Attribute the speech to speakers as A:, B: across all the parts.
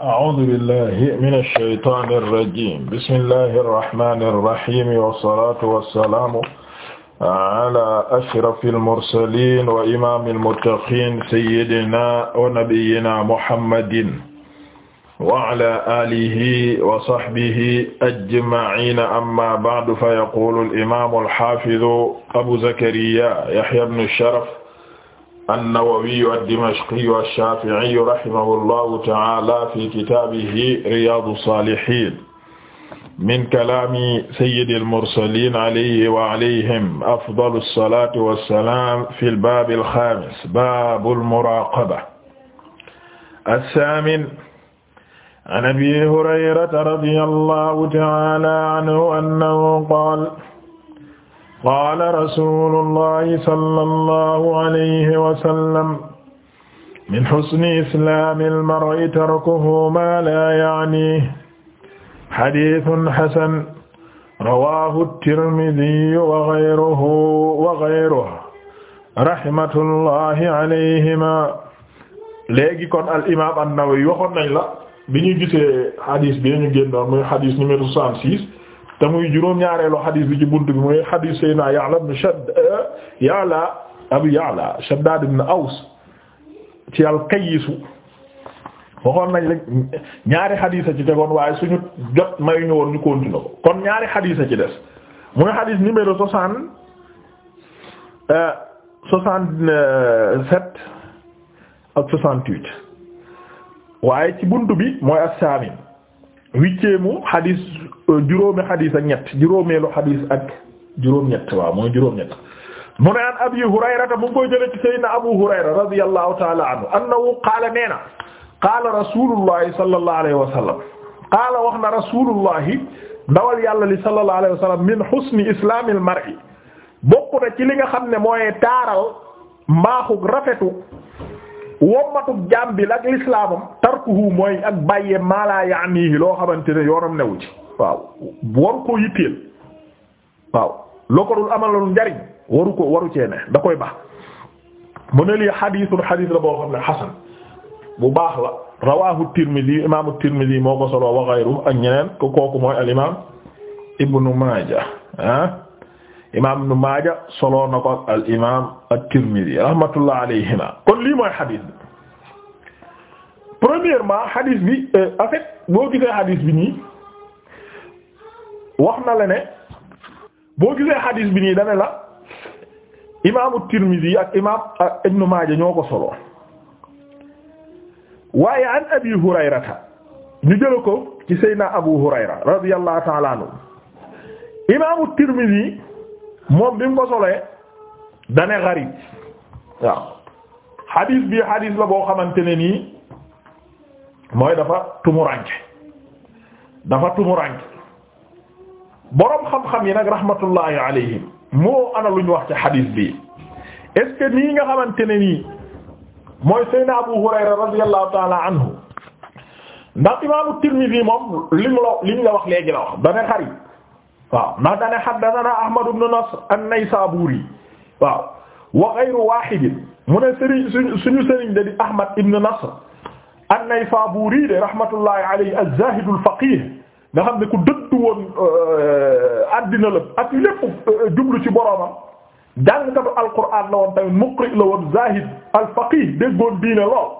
A: a'uuzu billaahi mina shaytaani rajiim bismillaahi rahmaani rahiim wa salaatu wa salaamu alaa ashrafil mursaliin wa imaamil muttaqiin sayyidinaa wa nabiyyinaa muhammadin wa alaa aalihi wa sahbihi ajma'iin ammaa ba'du fa yaquulul imaamul haafizu abuu zakariyaa yahyaa ibnu sharaf an-Nawawiyu ad-Dimashqiyu ash-Shaafi'iyu rahimahullahu ta'aala fi kitaabihi Riyaadu s-Saalihiin min kalaami sayyidil mursaliin alayhi wa alayhim afdalu salaati wa salaam fil baabil xaamis baabul muraaqaba. assaamin an Abii Hurayrata radiyallaahu ta'aalaa anhu annahu qaala qaala rasuulullahi sallallahu alayhi wa sallam min husni islaamil mar'i tarkuhu maa laa ya'niihi hadiisun hasan rawaahu tirmidhiyu wa ghayruhu wa ghayruhu rahmatullahi alayhimaa léegi kon al imaam an-Nawawi waxoon nañ la bi ñu gisee hadis bi ñu génnoon muy hadis numéro 66 te muy juróom-ñaareelu
B: xadis bi ci bunt bi mooy xadis Seydina Ya'la ibn Shadd Ya'la Abu Ya'la Shaddad ibn Aws ci al-Kayyisu waxoon nañ la ñaari xadis a ci tegoon waaye suñu jot mayuñu woon ñu continué ko kon ñaari xadis a ci des muy xadis numéro soixante euh, soixante-sept ak soixante-huit waaye ci bunt bi mooy as huitième xadis euh, juróomi xadis ak ñett juróomeelu xadis ak juróom-ñett waaw mooy juróom-ñett mu ne an abi hurayrata mu ngi koy ci sayyidina abu hurayra radiyallahu taala anhu annahu qaala nee na qaala rasulullahi sallallahu alayhi wa sallam ndawal yàlla li sallallahu alayhi wa sallam min husni islaamil mar'i bokk ci li nga xam ne mooy taaral mbaaxu rafetu wommatug jaam bi lak lislaamam tarkuhu mooy ak bàyyee maalaa yaanihi loo xamante ne yoonam newu ci waaw waru koo yitteel ko dul amalul njariñ waru ko waru cee ne da koy mu ne lii xadiisun xadiis la boo xam ne xasan bu baax la rawahu tirmidi
A: imaamu tirmidi moo ko solo wa gayru ak ñeneen ko kooku mooy al imaam ibnu maaja ah imaam Ibn Maaja solo na ko al rahmatullah alayhima
B: kon lii mooy xadis bi premièrement xadis bi euh, en fait boo gisee xadis bi nii wax na la ne boo gisee xadis bi nii dane la imaam at-Tirmidhi Maaja ñoo ko solo waaye an Abi Hurayrata ñu jël ci Seydina Abu Hurayra radiyallahu ta'ala anhu imaam at moom bi mu ko solee dane gharib waaw xadiis bi xadiis la boo xamante ne nii mooy dafa tumuranke dafa tumuranke boroom xam-xam yi nag rahmatullahi ana lu ñu wax ci xadiis bi est-ce que nii nga xamante ne nii mooy Seydina Abu Hurayra radiyallahu taala anhu ndax imaamu Tirmidhi moom li mu li mu la wax léegi la wax dane xarib waaw ndax dane haddathana Ahmad ibn Nasr an-Naysaburi waaw wa ghayru wahidin mu ne sëriñ suñu suñu sëriñ da di Ahmad ibn Nasr an-Naysaburi de rahmatullahi alayhi az-zahid al-faqih nga xam ne ku dëdd woon addina euh, la ak lépp euh, jublu ci boroomam jàngkatu al-Qur'an la woon tamit muqri la woon zahid al-faqih déggoon diine lool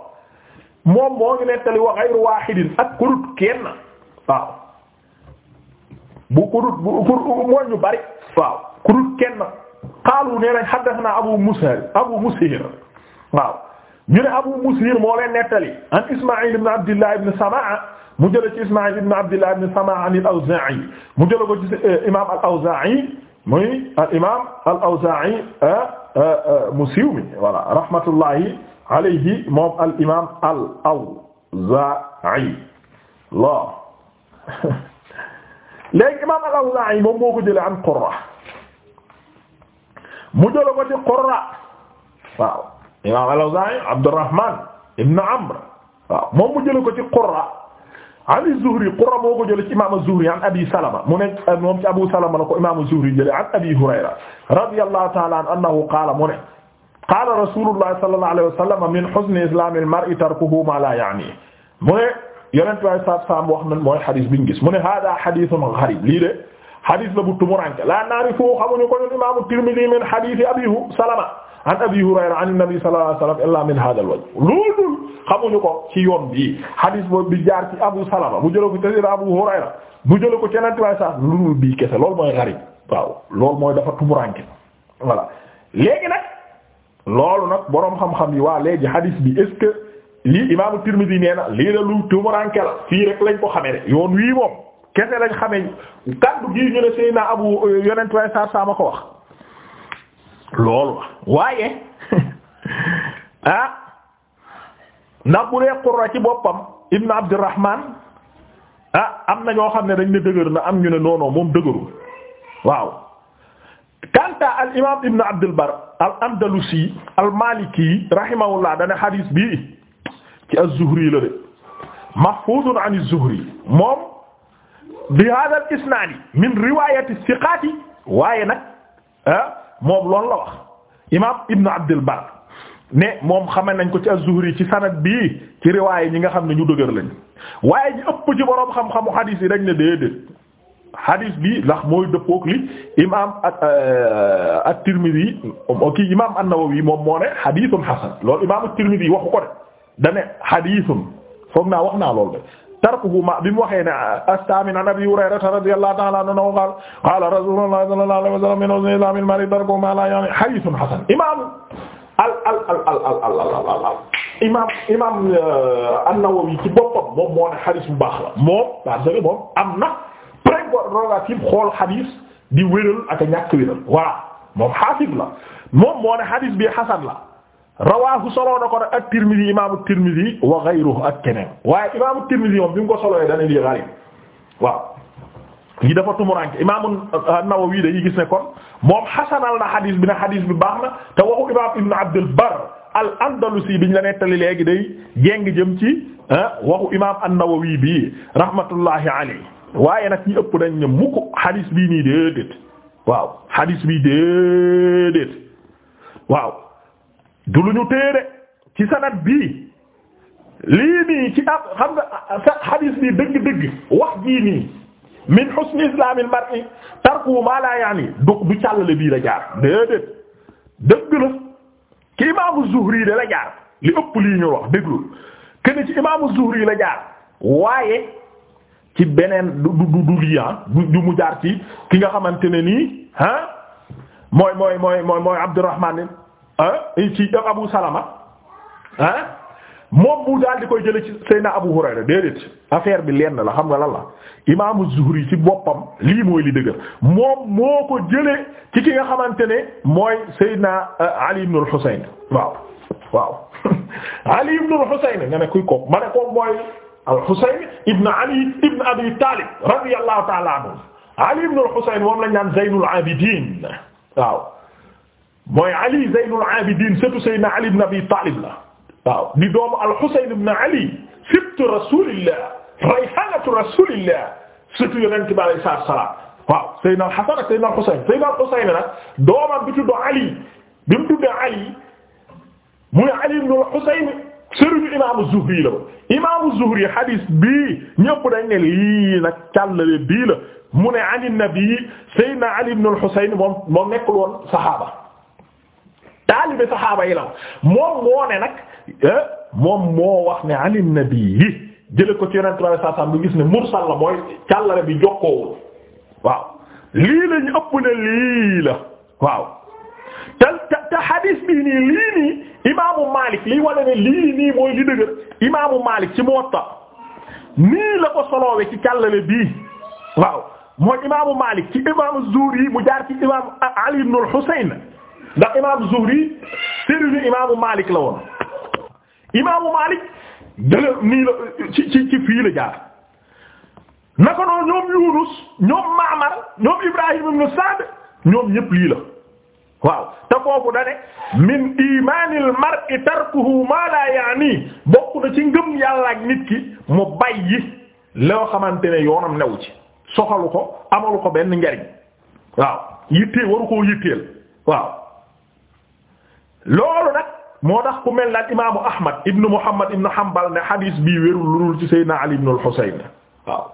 B: moom moo ngi nettali wa ghayru wahidin ak kurut kenn waaw bu kudut bu pour mooy ñu bari waaw kudut kenn xaalu nee nañ haddathana abu mushir abu mushir waaw ñu ne abu mushir moo leen nettali an isma'il ibn abdillah ibn samaa mu jële ci isma'il ibn abdillah ibn samaa an al-awza'i mu jële ko ci eh, imam al-awza'i muy al ah, imam al-awza'i ah, ah, mu siiw mi voilà rahmatullahi alayhi moom al imam al-awza'i la léegi imaam al-Awzaa'i moom moo ko jëlee an Qurra mu jëlee ko ci Qurra waaw imaam al-Awzaa'i Abdurrahmaan ibn Amr waaw moom mu jëlee ko ci Qurra an az-Zuhri Qurra moo ko jëlee ci imaam az-Zuhri an Abi Salama mu ne euh, moom ci Abu Salama la ko imaam az-Zuhri jëlee an Abi Hurayra radiyallahu ta'ala anhu annahu qaala mu ne qaala rasuulullahi sallallahu alayhi wa sallam min husni islaamil mar'i tarkuhu maa laa ya'niihi yonent waay saat saam wax na mooy xadis biñ gis mu ne hada xadisun gharib lii de xadis la bu tumuranke la naarifu xamuñu ko ñun imaamu Tirmidi min xadisi abi Salama an abi Hurayra an nabi sallallahu alayhi wa sallam illa min hada al-wajh loolu xamuñu ko ci yoon bi xadis boobu bi jaar ci abu Salama bu jëla ko ci abu Hurayra bu jëla ko ci yonent waay saat loolu bii kese loolu mooy gharib waaw mooy dafa tumuranke voilà léegi nag loolu nag boroom xam-xam yi waa a xadis bi est-ce lii imaamu Tirmidhi nee na lii la lu tumuranke la fii rek lañ ko xamee de yoon wii moom kese lañ xamee kaddu gii ñu ne Seydina Abu yonent waaye saa saa ma ko wax loolu waaye ah ndax bu dee ci boppam Ibn Abdurrahman ah am na ñoo xam ne dañ ne dëgër na am ñu ne noonoo moom dëgërul waaw kanta al imaam Ibn Abdul al Andalusi al Maliki rahimahullah dana xadiis bii ci az-Zuhri la de mahfuzun an az-Zuhri moom bi hada al-isnad min riwayati thiqat waaye nag moom loolu la wax imam Ibn Abd al-Barr ne moom xame nañ ko ci az-Zuhri ci sanad bi ci riwaay ñi nga xam ne ñu dëgër lañ waaye ñi ëpp ci boroom xam-xamu hadis yi dañ ne déedéet hadis bi ndax mooy dëppook li imam euh, at-Tirmidhi i imam an-Nawawi moom moo ne hadithun hasan lool imam at-Tirmidhi waxu ko de dane hadithun foog naa wax naa loolu de tarkuhu ma bi mu waxee ne astamin an abi hurayrata radiyallahu ta'ala anhu qaala qaala rasulullah sallallahu alayhi wa sallam min husni islamil mar'i tarkuhu ma la ya'ni hadithun hasan imam al al al al al al al imam imam an-Nawawi ci boppam moom moo ne hadith bu baax la moom parce que moom am na prérogative xool hadith di wéral ak a ñàkk wéral voilà moom xaafis la moom moo ne hadith bi hasan la rawaahu solo na ko nag ak Tirmidhi imaamu Tirmidhi wa ghayruhu ak keneen ko solo dana lii gharib waaw lii dafa tumuranke imaamu Nawawi dañuy gis ne kon moom xasanal na xadiis bi na xadiis bi baax na te waxu imaam Ibn Abdul al-Andalusi biñ la nettali léegi day jéng jëm ci waxu imaam an bi rahmatullahi alayhi waaye nag ñi ëpp dañ ne mukk xadiis bii nii déedéet waaw waaw. du lu ñu téere ci sanat bii lii nii ci ab xam nga hadis bi dëgg-dëgg wax jii nii min husni islamil mar'i tarku ma yaani du càllale bii la jaar déedéet dëgg la ki imaamu Zuhri de la jaar li ëpp lii ñu wax déglul kenn ci imaamu Zuhri la jaar waaye ci beneen du du du lii ah. du mu jaar ci ki nga xamante ne nii ah mooy mooy mooy mooy mooy Abdurrahman ah ci Abu Salama ah moom mu daal di koy jële ci Seyna Abu Hurayra déedéet affaire bi lenn la xam nga lan la imaamu Zuhri ci boppam lii mooy li dëgër moom moo ko jëlee ci ki nga xamante ne mooy Seyna euh, Ali ibn al-Husayn waaw waaw Ali ibn al-Husayn nga ne kuy ko ma ne ko mooy al-Husayn ibn Ali ibn Abi Talib radiyallahu ta'ala anhu Ali ibn husayn moom lañ naan Zaynul Abidin waaw mooy Ali Zeynul Abidin sëtu Seydina Ali ibn Abi Talib waaw di doomu al-Husayn ibn Ali sibtu rasulillah rayhanatu rasulillah sëtu Yonent bi alayhi salaam waaw Seydina al-Hasan ak Seydina al-Husayn Seydina al-Husayn nag doomam bi tudd Ali bi mu tudd Ali muy Ali ibn al-Husayn sëriñu imaamu Zuhri la imaamu Zuhri hadis bii ñëpp dañ ne lii nag càllale bii la mu ne an nabi Seydina Ali ibn al-Husayn moom moom nekkul woon saxaaba taalibe saxaaba yi la moom moo ne nag eh, moom moo wax ne an nabi yi jële ko ci yonent bi sallallahu alayhi wasallam bi gis ne mursal la mooy càllale bi jokkoowul waaw lii la ñu ëpp ne lii la waaw te lii lii mooy li dëgër imaamu Maalik ci Muwatta nii la ko soloowe ci càllale bii waaw mooy imaamu Maalik ci imaamu mu jaar ci imaamu Ali ibn al-Husayn ndax imaamu Zuhri sëriñu imaamu Malik la woon imaamu Malik dala nii la ci ci fii la jaar naka noonu ñoom Yunus ñoom Ma'mar ñoom Ibrahim ibn Sa'd ñoom ñépp la waaw te foofu dane min imaanil mar'i tarkuhu ma la yaani bokk na ci ngëm yàlla ak nit ki mu bàyyi loo xamante ne yoonam new ci soxalu ko amalu ko benn njariñ waaw yittee waru koo yitteel waaw lool nag moo tax ku mel ne ak imaamu Ahmad ibnu Muhammad ibnu Hanbal ne xadiis bii wérul lurul ci Seydina Ali ibnu al-Husayn waaw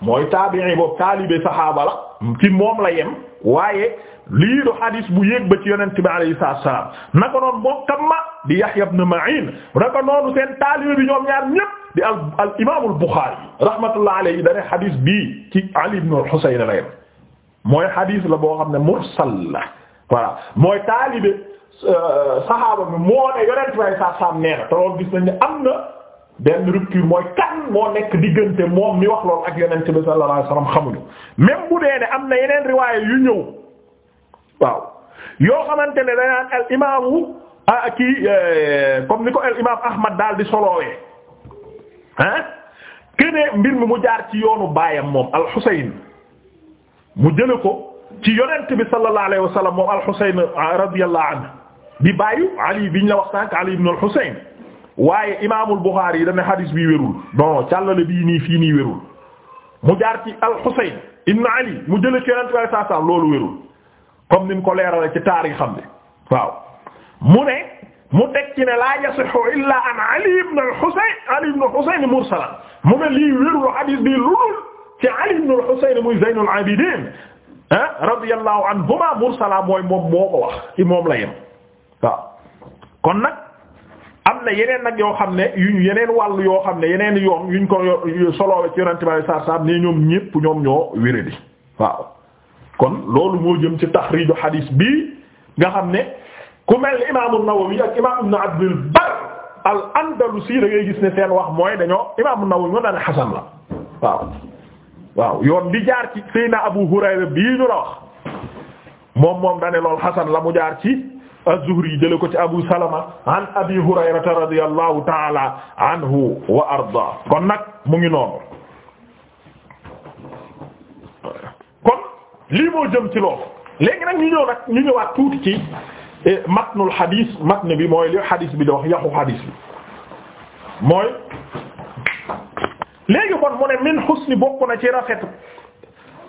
B: mooy taabi'i boobu taalibe saxaaba la la yem waaye lii du xadiis bu yéeg ba ci yonent bi alayhi salaam naka noonu mbokkam ma di Yahya ibn Ma'in naka noonu seen taalibe bi ñoom ñaar ñépp di al al al Buxaari rahmatullah alayhi da ne xadiis bii ci Ali ibn al-Husayn la yem mooy xadiis la boo xam ne mursal la mooy taalibe. Euh, saxaaba bi moo yonent way sa sam nee gis nañ ne am na benn rupture mooy kan moo nekk diggante moom mi wax loolu ak yonent bi sallallahu alayhi wasallam xamuñu même bu am na yeneen riwaaya yu ñëw waaw yoo xamante ne danaan al imaamu ah kii euh, ni ko al imaam Ahmad daal di solowee ah kene mbir mi mu jaar ci yoonu baayam moom al Husayn mu jële ko ci yonent bi sallallahu alayhi wasallam moom al Husayn radiyallahu bi bàyyu ali biñ la wax sànq ali ibn al-Husayn waaye imaamul Buxaari yi dana xadis bi wérul non càllale bii nii fii nii wérul mu jaar ci al-Husayn ibn ali mu jële ci yonent bi saa saam loolu wérul comme ni ko leerale ci taarixam bi waaw mu ne mu teg ci ne laa yasihu illa an ali ibn al-Husayn ali ibn al-Husayn mursalan bi lool ci ali ibn al-Husayn muy Zaynul Abidin ah radiyallahu anhuma mursala mooy moom moo ko wax waaw kon nag am na yeneen nag yoo xam ne yu ñu yeneen wàll yoo xam ne yeneen yoon yuñ ko soloowe ci yonente bale sar sam ne ñoom ñépp ñoom ñoo wéré waaw kon loolu moo jëm ci taxriiju xadiis bii nga xam ne ku mel imaamu Nawawi ak imaam Ibn Abdul Barr al gis ne seen wax mooy dañoo imaamu Nawawi moo daan xasan la waaw waaw yoon bi jaar ci Seydina Abu Hurayra bii ñu la wax moom moom dane lool xasan la mu jaar ci az-Zuhri jële ko ci Abu Salama an Abi Hurayrata radiyallahu ta'ala anhu wa arda kon nag mu ngi noonu kon lii moo jëm ci loolu léegi nag ñu ñëw nag ñu ñëwaat tuuti ci e, matnul xadiis matn bi mooy li xadiis bi da wax yàqu xadiis bi mooy léegi kon mu ne min xusni bokk na ci rafet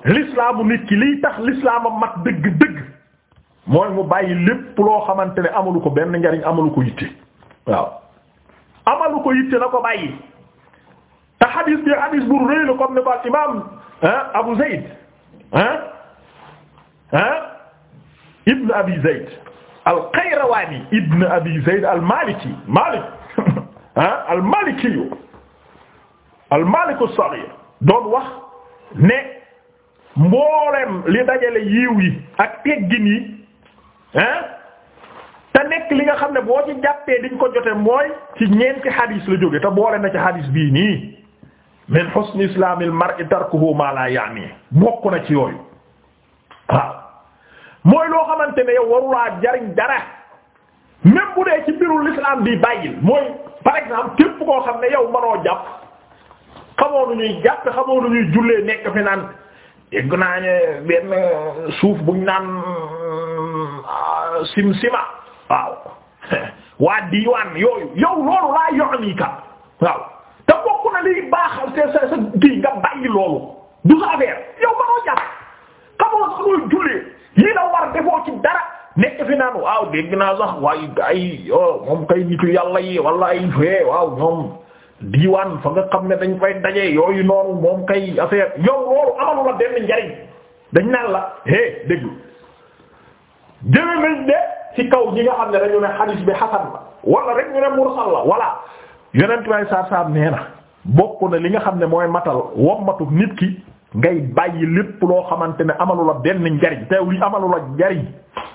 B: l'islaamu nit ki liy tax l'islaama mat dëgg mooy mu bàyyi lépp loo xamante ne amalu ko benn njariñ amalu ko yitte waaw amalu ko yitte na ko bàyyi te xadis bi xadis bu rëy la comme ne ko al imam Abu Zayd ah ah Ibn Abi Zayd al-Qayrawani Ibn Abi Zayd al-Maliki Malik ah al-Maliki al-Malik as-Saghir doon wax ne mboolem li dajale yiiw yi ak teggin ah te nekk li nga xam ne boo ci jàppee diñ ko jote mooy ci ñeenti xadiis la jóge te boole na ci xadiis bii nii min husni islaamil mar'i tarkuhu ma la yaani bokk na ci yooyu waaw mooy loo xamante ne yow warulaa jariñ dara même bu dee ci mbirul islam bi bàyyil mooy par exemple képp koo xam ne yow mënoo jàpp xamoo nu ñuy jàpp xamoo nu ñuy jullee nekk fi naan dégg naa ne suuf buñ naan Ah, sim waaw waa diwaan yooyu yow loolu laa yoxanii ka waaw te bokk na liy baaxal te sa sa kii nga loolu du sa affaire yow manoo jàpp xamoo sax looy jullee lii la war defoo ci dara nekk fi naan waaw dégg naa sax waaye ay oh, moom kay nitu yàlla yi wala ay fee waaw ñoom diwaan fa nga xam ne dañ fay dajee yooyu noonu moom kay affaire yow loolu amalu la benn njariñ dañ naan la hé déglu jëlee nañ de ci kaw ñi nga xam ne dañu ne hadith bi hasan la wala rek ñu ne mursal la voilà yonent way saar saar nee na bokk na li nga xam ne mooy matal wommatu nit ki ngay bàyyi lépp loo xamante ne amalu la benn njariñ teew li amalu la njariñ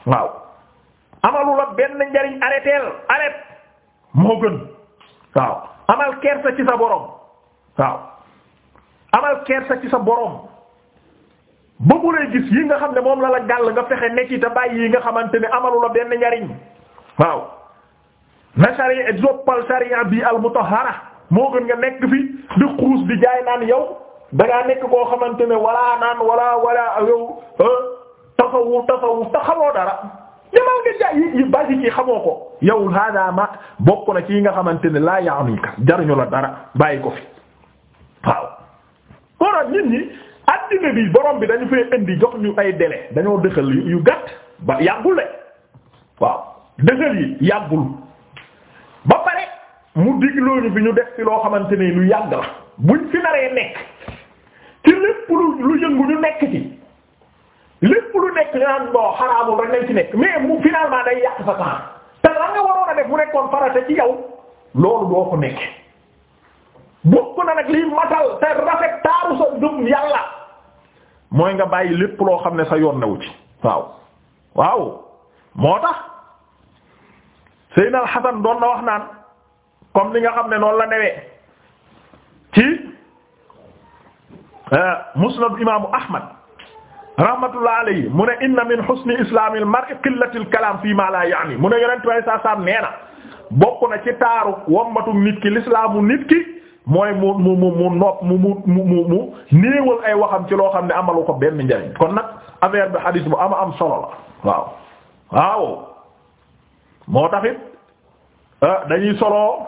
B: waaw amalu la benn njariñ arrêteel arrête moo ci sa borom waaw amal kersa ci sa borom ba mu lay gis yi nga xam ne moom la la gàll nga fexe nekk te bàyyi yi nga xamante ne amalu la benn njariñ waaw na sariya zoppal sariya bi al mutahhara moo gën nga nekk fi di xuus di jaay naan yow da nekk koo xamante ne wala naan wala wala yow ah, taxawu taxawu taxawoo dara demal nga jaay yi yi basique yi xamoo ko yow hada ma bokk na ci yi nga xamante ne laa yaanuñu ka jaruñu la dara bàyyi ko fi waaw. kon nit ñi. addina bi borom bi dañu fee indi jox ñu ay délai dañoo dëxal yu gàtt ba yàggul le waaw dëxal yi yàggul ba pare mu digloo ñu ñu def ci loo xamante ne lu yàgg la buñ fi naree nekk ci lépp lu lu yëngu ñu nekk ci lépp lu nekk ñu naan boo xaraamul rek nañ ci nekk mais mu finalement day yàq sa temps te la waroon a def mu nekkoon farata ci yow loolu doo ko nekk bokk na nag liy matal te rafet mooy nga bàyyi lépp loo xam ne sa yoon newu ci waaw waaw moo tax Seydina Al Hasan doon na wax naan comme li nga xam ne noonu la newee ci euh, musnad imaamu Ahmad rahmatullah alayhi mu ne inna min husni islaamil mar'i qillatul kalaam fii maa laa ya'ni mu ne yonent way saa saam nee na bokk na ci taaru wommatum nit ki l'islaamu nit mooy mu mu mu mu nopp mu mu mu mu néewal ay waxam ci loo xam ne amalu ko benn njariñ kon nag affaire bi xadiis bu ama am solo la waaw waaw moo taxit ah, dañuy solo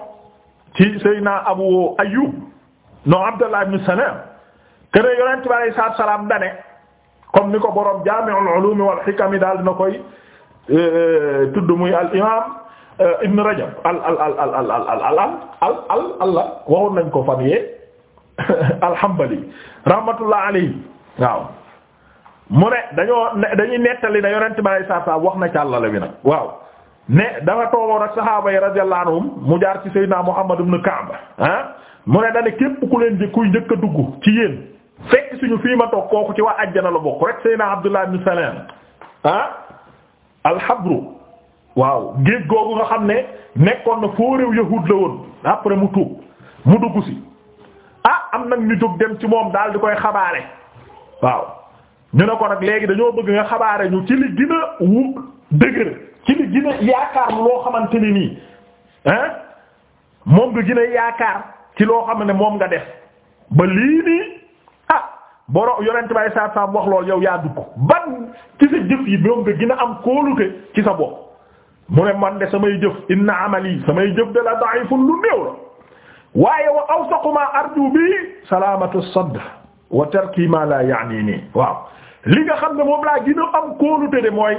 B: ci Seydina Abu Ayyub no Abdullah ibn Salam kene yonent bi alayhi salaam dane comme ni ko borom Jaami'ul Ulum wal Hikam daal dina koy eh, eh, tudd muy al imam Ibn Rajab al al al al al al al al allah waxoon nañ ko fan yee alhambali rahmatullah alayhi waaw mu ne dañoo dañuy nettali na yonent bi alayhi salaam wax na càllale bi nag waaw ne dafa toogoon ak saxaaba yi radiyallahu anhum mu jaar ci Seydina Muhammad ibn Ka'b ah mu ne dañu képp ku leen kuy njëkk a dugg ci yéen fekk suñu fii ma toog kooku ci waa ajjana la bokk rek Seydina Abdullah ibn Salam ah alhabru waaw géej googu nga xam ne nekkoon na foo réew yahud la woon après mu tuub mu dugg si ah am nag ñu jóg dem ci moom daal di koy xabaare waaw ñu ne ko nag léegi dañoo bëgg nga xabaare ñu ci li gën a wu dëgër ci li gën a yaakaar loo xamante ni nii hein moom nga gën yaakaar ci loo xam ne moom nga def ba lii nii ah boro yonent bay saab saab wax lool yow yaa dugg ban ci sa jëf yi moom nga gën am kóolute ci sa bopp mu ne man de samay jëf inna amali samay jëf de la da'ifun lu néew la waaye wa awsaqu ma arju bi salamatu sadr wa tarki yaani nii waaw li nga xam ne moom laa gën a am kóolute de mooy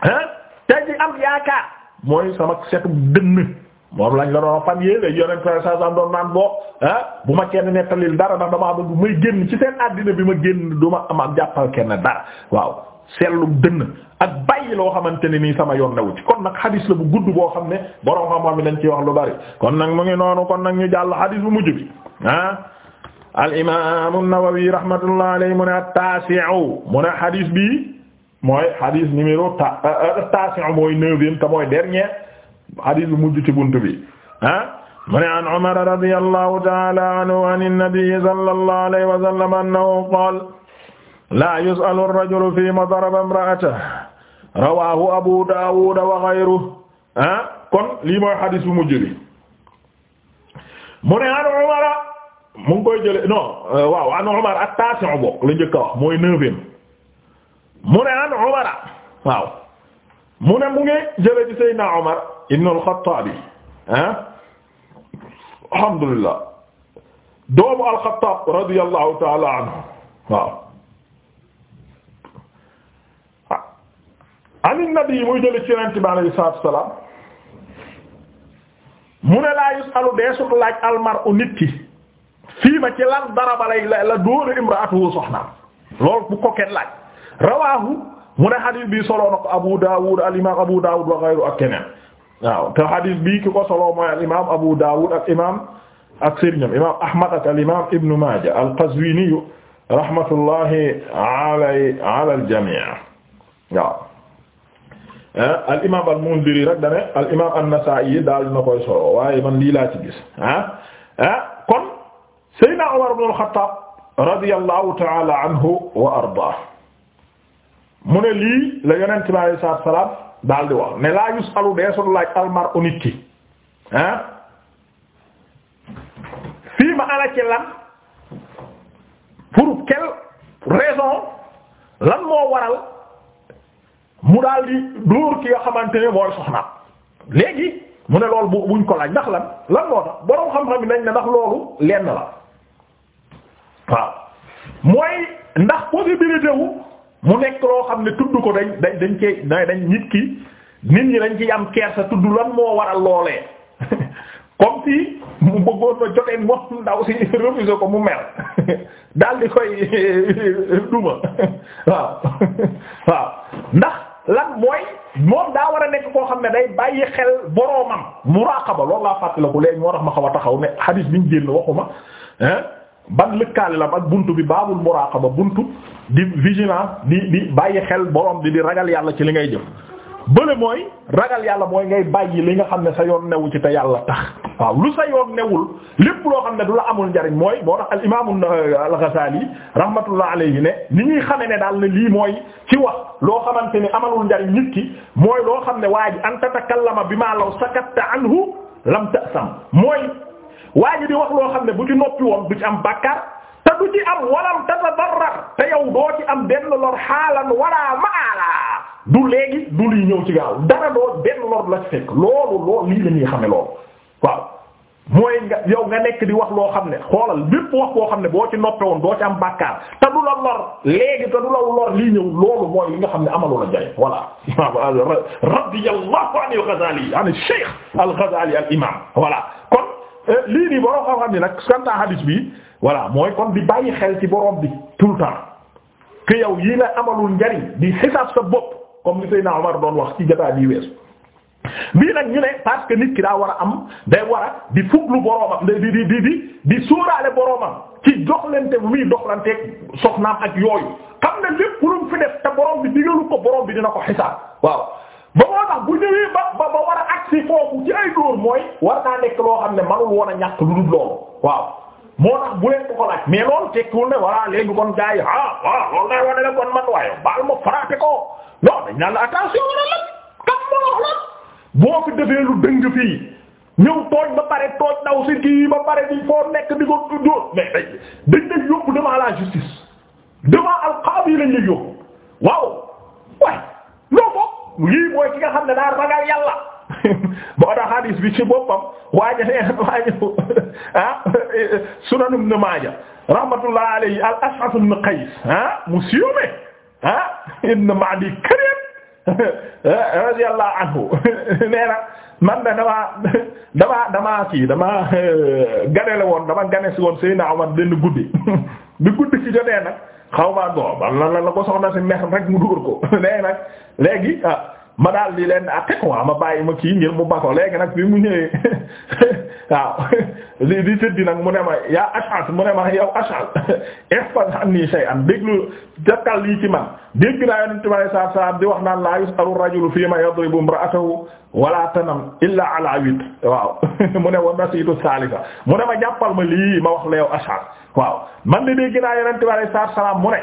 B: ah te ji am yaakaar mooy sama setu dënn moom lañ la doon fan yéela yoneen t sa san doon naan boo ah bu ma kenn nettalil dara ndax damaa bëgg may génn ci seen àddina bi ma génn du ma am jàppal kenn dara waaw seetlu dënn ak bàyyi loo xamante ne nii sama yoon newu ci kon nag xadis la bu gudd boo xam ne borom mi dañ ciy wax lu bari kon nag mu ngi noonu kon nag ñu jàll xadis bu mujj bi ah al imam an-Nawawi rahmatullah alayhi mu ne at-tasi'u mu ne xadis bi mooy xadis numéro ta euh, at-tasi'u mooy neuvième mooy dernier xadis bu mujj ci bunt bi
A: ah mu ne an Umar radiyallahu ta'ala anhu an an-nabi sallallahu alayhi wa sallam annahu qala laa yusalu ar-rajulu fii ma daraba imra'atahu rawaahu abu daawuda wa ghayruhu
B: ah kon lii mooy xadis bu mujj bi mu ne an umara mu ngi koy jële non euh, waaw an umar at-taasi' bokk la njëkk a wax mooy neuvième mu ne an umara waaw mu ne mu ngi jële ci sayyidina umar ibn al-Khattaab ah alhamdulillah doomu al-Khattaab radiyallahu ta'ala anhu waaw ani nabi muy jële ci yonent bi alayhi salaatu wa salaam mu ne laa yusalu deesut laaj almar u nit ki fii la dóoru imraatuhu soxnaam loolu bu ko rawaahu mu ne xadiis bi soloo na Abu Daawud al imaam Abu Daawud wa ghayru ak keneen waaw te al imaam Abu Ahmad
A: ak al imaam Ibn Maaja al Qazwiini rahmatullahi al jamii Eh, al imaam al Mundiri rek da daal na solo waaye man lii laa ci ah, ah, kon
B: Seydina Umar ibn al-Khattab ta'ala anhu wa ardaa mu ne lii la Yonent bi alayhi salaatu daal di wax ne laa yus'alu deesul laaj al-mar'u nit ki ah, ma ala ci lan pour quelle lan moo waral. mu daal di dóor ki nga xamante ne mooy soxnaam léegi mu ne lool bu buñ ko laaj ndax lan lan moo tax borom xam-xam yi nañ ne ndax loolu lenn la waaw mooy ndax possibilité wu mu nekk loo xam ne tudd ko dañ dañ dañ cee dañ nit ki nit ñi dañ ciy am kersa tudd lan moo waral loolee comme si mu bëggoon na jotee moom ndaw si refusé ko mu mer daal di koy duma waaw waaw ndax. lan mooy moom daa war a nekk koo xam ne day bàyyi xel boroomam muraqaba loolu laa fàttaliku léegi moo tax ma xaw a taxaw ne xadis bi ñu génn waxuma ah ban lëkkaale la ak bunt bi baabul muraqaba buntu di vigilance di di bàyyi xel boroom bi di ragal yàlla ci li ngay jëf. bële mooy ragal yàlla mooy ngay bàyyi li nga xam ne sa yoon newu ci te yàlla tax waaw lu sa yoon newul lépp loo xam ne du la amul njariñ mooy boo tax al imaam al-Ghazali rahmatullah alayhi ne ni ñuy xame ne daal ne lii mooy ci wax loo xamante ni amalul njariñ nit ki mooy loo xam ne waa ji an tatakallama bima law sakatta anhu lam tasam mooy waa ji di wax loo xam ne bu ci noppi woon du ci am bàkkaar te du ci am walam tatadarrar te yow doo ci am benn lor xaalan wala maala du léegi du luy ñëw ci gaaw dara benn lor la fekk loolu loolu lii la ñuy xame loolu waaw mooy nga yow di wax loo xam ne xoolal bépp wax boo xam ne boo ci noppe woon ci am bàkkaar te du la lor léegi te du la lor lii loolu mooy li nga xam ne amalu la jëriñ voilà radiyallahu anil Ghazali an Cheikh al Ghazali al imam voilà Eh, lii nii borom xam-xam ni nag santa hadis bi voilà mooy kon di bàyyi xel ci borom bi tout le temps yow yii nga amalul njariñ di xisaab sa bopp comme li Seydina Omar doon wax ci jotaay bii weesu. bii nag ñu ne parce nit ki daa war a am day war a di fuglu boromam di di di di di suuraale boromam ci doxlante bu muy soxnaam ak yooyu xam ne lépp lu fi def te borom bi digalu ko borom bi dina ko xisaab waaw. ba moo tax bu war naa nekk loo xam ne manul woon a ñàkk waaw ko ko laaj mais loolu tekkiwul ne voilà léegi kon ah, ko non dañ naan la attention defee lu dëng fii ñëw tooj ba pare tooj daw si kii ba pare di foo nekk di ko dóor mais dañ dañ yóbbu devant la justice devant al lañ lay yóbbu waaw waay loo ko lii mooy ki nga xam ne daa ragal yàlla boo tax bi ci boppam waaja nee waaja ah Sunan Ibn Maaja rahmatullah alayhi al Ash'ath ibn Qays ah mu siiw me ah anhu nee man de dama kii dama ganele woon dama ganesi woon Seydina Omar benn guddi bi guddi ci jotee nag xaw maa bon ban lan la ko soxna si meex rek mu dugal ko léegi nag léegi ah ma daal di leen atte quoi ma bàyyi ma kii ngir mu bako léegi nag bi mu ñëwee waaw li di ne ma yaa Ash'ath mu ne ma yow Ash'ath ihfaz anni shay'an déglu jàkkal lii ci man dégg naa yonent bi sallallahu di wax naan laa yus'alu ar-rajulu fima yadribu imra'atahu wala tanam illa ala wit mu ne wa nasiitu salisa mu ne ma jàppal ma lii ma wax la yow Ash'ath man de dégg naa yonent bi sallallahu mu ne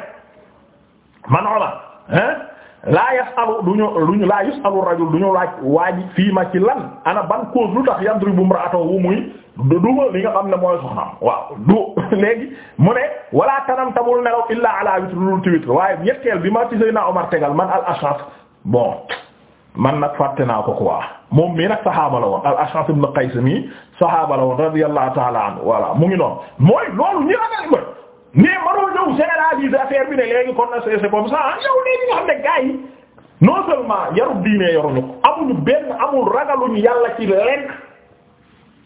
B: man Umar hein laa yasalu duñu ñu laa yasalu rajul duñu laaj waaj fii ma ci lan ana ban cause lu tax yadribu imra'atahu muy du duma li nga xam ne mooy soxnaam waaw du léegi mu ne wala tanam tabul nelaw illa ala witr lu ci waaye ñetteel bi ma ci Seydina Omar tegal man al Ash'ath bon man nag fàtte naa ko ko quoi moom mii nag saxaaba la woon al Ash'ath ibn Qays mii saxaaba la woon radiyallahu ta'ala anhu voilà mu ngi noonu mooy loolu ñi ragal mais maroo ñëw généraliser affaire bi ne léegi kon a c'est comme ça ah yow léegi nga xam ne gars yi non benn amul ragaluñu yàlla ci lenn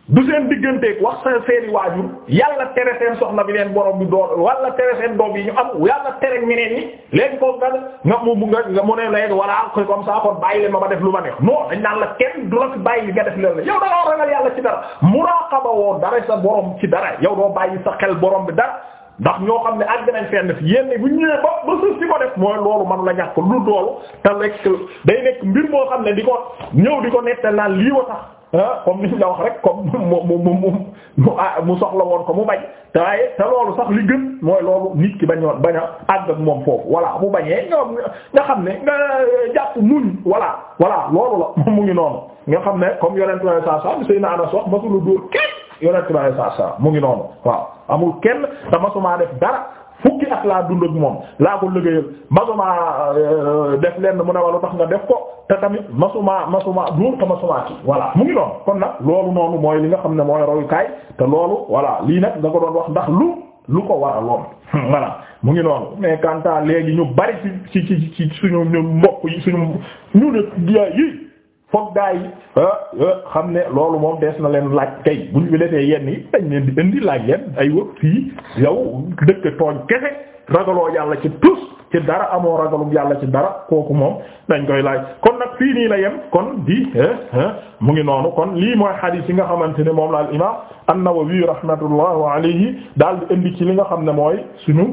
B: du seen digganteeg wax seen seeni waajur yàlla tere seen soxna bi neen borom bi doo wala tere seen doom yi ñu am yàlla tere ñeneen ñi léegi ko nga nga mu nga mu ne leen wala ko comme ça kon bàyyi leen ma ma def lu ma neex non dañ naan la kenn du la fi bàyyi nga def leen la yow da nga ragal yàlla ci dara muraqaba woo dara sa xel borom bi dara. ndax ñoo xam ne àgg nañ fenn fi yenn bu ñëwee ba ba suuf si ko def mooy loolu man la ñàkk lu doolu te nekk day nekk mbir moo xam ne di ko ñëw di ko nettal naan lii wa tax ah, comme ni nga wax rek ko mu mu mu mu ah mu soxla woon ko mu bañ te waaye te loolu sax li gën mooy loolu nit ki bañoon bañ a moom foofu voilà mu bañee ñoom nga xam ne nga euh, jàpp muñ voilà voilà loolu la mu ngi noonu nga xam ne comme yonent saa saa bi Seydina Anas wax yonent bi alayhi salaam mu ngi noonu waaw amul kenn te masumaa def dara fukki at laa dund ak moom laa ko liggéeyal masumaa def lenn mu ne wala tax nga def ko te tamit masumaa masumaa duur te masumaa ci voilà mu ngi noonu kon nag loolu noonu mooy li nga xam ne mooy royukaay te loolu voilà lii nag nga ko doon wax ndax lu lu ko war a lool mu ngi noonu mais quant à léegi ñu bari ci ci ci suñu ñu mbokk yi suñu ñu ne yi foog gaa yi ah, ah, xam ne loolu moom des na leen laaj kay bu ñu letee yenn yi dañ leen di indi laaj leen ay wëpp fii yow dëkk tooñ kese ragaloo yàlla ci tus ci dara amoo ragalum yàlla ci dara kooku moom dañ koy laaj kon nag fii nii la yem kon di ah, mu ngi noonu kon lii mooy xadiis yi nga xamante ne moom la al imaam an-Nawawi rahmatullahi alayhi daal di indi ci li nga xam ne mooy suñu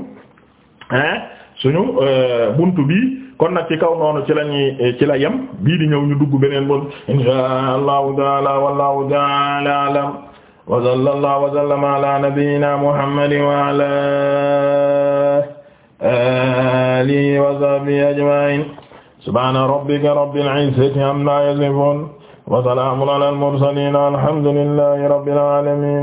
B: suñu euh, bunt bi
A: kon nag ci kaw noonu ci lañuy ci la yem bii di ñëw ñu dugg beneen bon insha allahu taala wallahu taala alam wa sallallahu wa sallama ala nabiyyina muhammadin wa ala alihi wa sahbihi ajma'in subhana rabbika rabbil izzati amma yasifun wa salamun ala al mursalin alhamdulillahi rabbil alamin